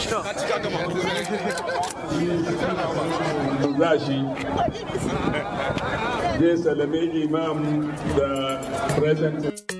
za shi zai salame imam the President.